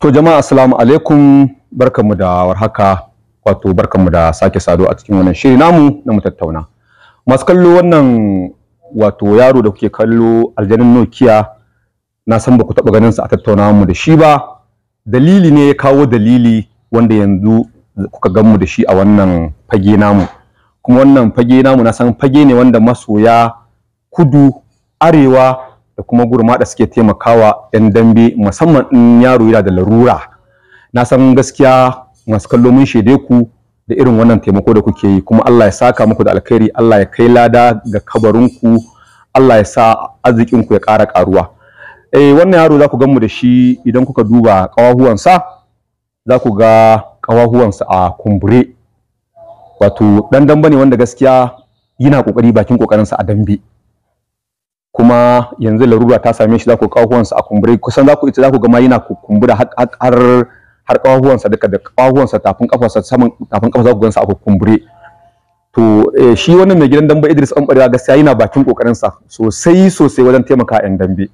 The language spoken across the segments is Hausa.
To jama'a assalamu alaikum barkanmu da warhaka wato barkanmu da sake sado a cikin wannan shiri namu na mu tattauna. Masu kallo wannan wato yaro da kuke kallo aljanin Nokia na san ba ku taɓa ganin sa a tattauna mu da shi ba dalili ne ya kawo dalili wanda yanzu kuka gan mu da shi a wannan fage namu kuma wannan fage namu na san fage ne wanda masoya kudu arewa da kuma gurma da suke taimakawa yan dambe musamman in yaro yana da larura na san gaskiya masu kallo mun shaide ku da irin wannan taimako da kuke yi kuma Allah ya saka muku da alkhairi Allah ya kai lada ga kabarinku Allah ya sa arzikinku ya ƙara ƙaruwa eh wannan yaro za ku mu da shi idan kuka duba ƙawahuwansa za ku ga ƙawahuwansa a kumbure wato ɗan dambe ne wanda gaskiya yana ƙoƙari bakin ƙoƙarinsa a dambe kuma yanzu larura ta same shi za ku kawuwansa a kumbure kusan za ku ita za ku gama yana kumbura har har kahuwansa duka da kawuwansa tafin kafarsa saman tafin kafa za ku gansa a kumbure to eh, shi wannan mai gidan dambe Idris Ambarewa gaskiya yana bakin kokarin sa sosai sosai wajen taimaka yan dambe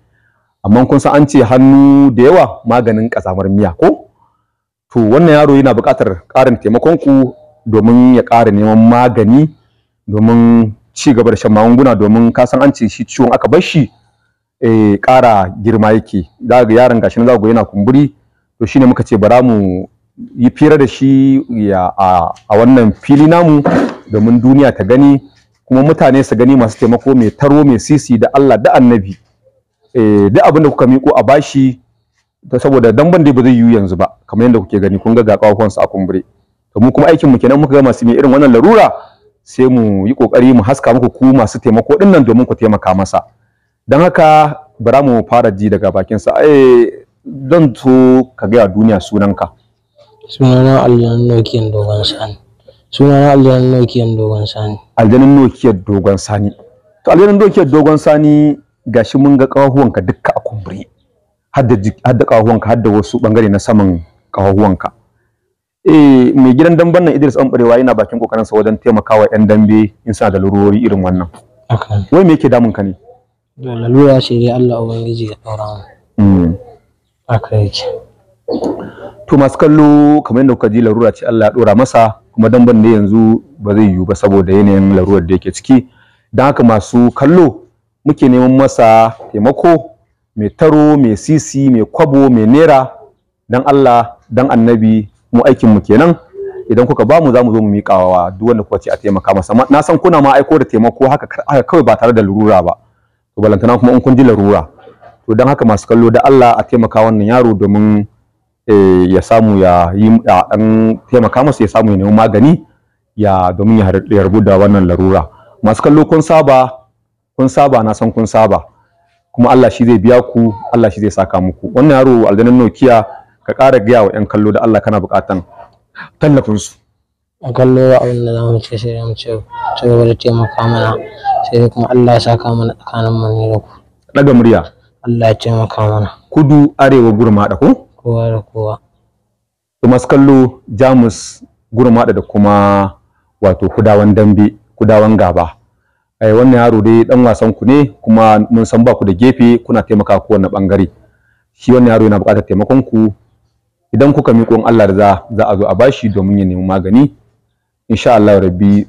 amma kun san an ce hannu da yawa maganin kazamar miya ko to wannan yaro yana buƙatar ƙarin taimakon ku domin ya ƙara neman magani domin ci gaba da shan magunguna domin ka san an ce shi ciwon aka bar shi eh ƙara girma yake za ga yaron gashi nan za ga yana kumburi to shine muka ce bara mu yi fira da shi ya a, wannan fili namu domin duniya ta gani kuma mutane su gani masu taimako mai taro mai sisi da Allah da annabi eh duk abin da kuka miko a bashi ta saboda damban dai ba zai yiwu yanzu ba kamar yadda kuke gani kun ga ga kawafon su a kumbure to mu kuma aikin mu kenan muka ga masu mai irin wannan larura sai mu yi kokari mu haska muku ku masu taimako din nan domin ku taimaka masa don haka bara mu fara ji daga bakin sa eh don to ka ga duniya sunanka sunana aljanin nokiyan dogon sani sunana aljanin nokiyan dogon sani aljanin nokiyan dogon sani to aljanin nokiyan dogon sani gashi mun ga kawahuwanka dukka a kumbure har da har da kawahuwanka har da wasu bangare na saman ka. eh mai gidan damban nan Idris Ambarewa yana bakin kokarinsa wajen taimakawa yan dambe in sa da lurori irin wannan wai me yake damun ka ne lalura shi ne Allah ubangiji ya daura mu hmm. haka yake to masu kallo kamar yadda kuka ji larura ce Allah ya dora masa kuma damban ne yanzu ba zai yiwu ba saboda yanayin larurar da yake ciki don haka masu kallo muke neman masa taimako mai taro mai sisi mai kwabo mai nera don Allah don annabi mu aikin mu kenan idan kuka bamu za mu zo mu miƙawa wa duk wanda kuka ce a taimaka masa na san kuna ma aiko da taimako haka haka kawai ba tare da lurura ba to balantana kuma in kun ji larura to don haka masu kallo da Allah a taimaka wannan yaro domin eh, ya samu ya yi dan taimaka masa ya samu ya nemi magani ya domin ya rabu da wannan larura masu kallo kun saba kun saba na san kun saba kuma Allah shi zai biya ku Allah shi zai saka muku wannan yaro aljanin Nokia ka ƙara gaya wa 'yan kallo da Allah kana buƙatan tallafin su a kallo da abin da zamu ce sai mu ce ci gaba da taimaka mana sai dai kuma Allah ya saka mana tsakanin mu ne da ku daga murya Allah ya taimaka mana kudu arewa da ko kowa da kowa to masu kallo Jamus gurmada da kuma wato kudawan dambe kudawan gaba ai wannan yaro dai dan wasan ku ne kuma mun san ba ku da gefe kuna taimaka kowane bangare shi wannan yaro yana buƙatar taimakon ku idan kuka miƙo in Allah da za a zo a bashi domin ya nemi magani insha Allah rabbi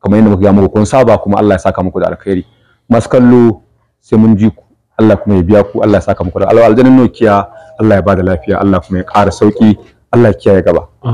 kamar yadda muka ga muku kun saba kuma Allah ya saka muku da alkhairi masu kallo sai mun ji ku Allah kuma ya biya ku Allah ya saka muku da aljannan nokiya Allah ya bada lafiya Allah kuma ya ƙara sauki Allah ya kiyaye gaba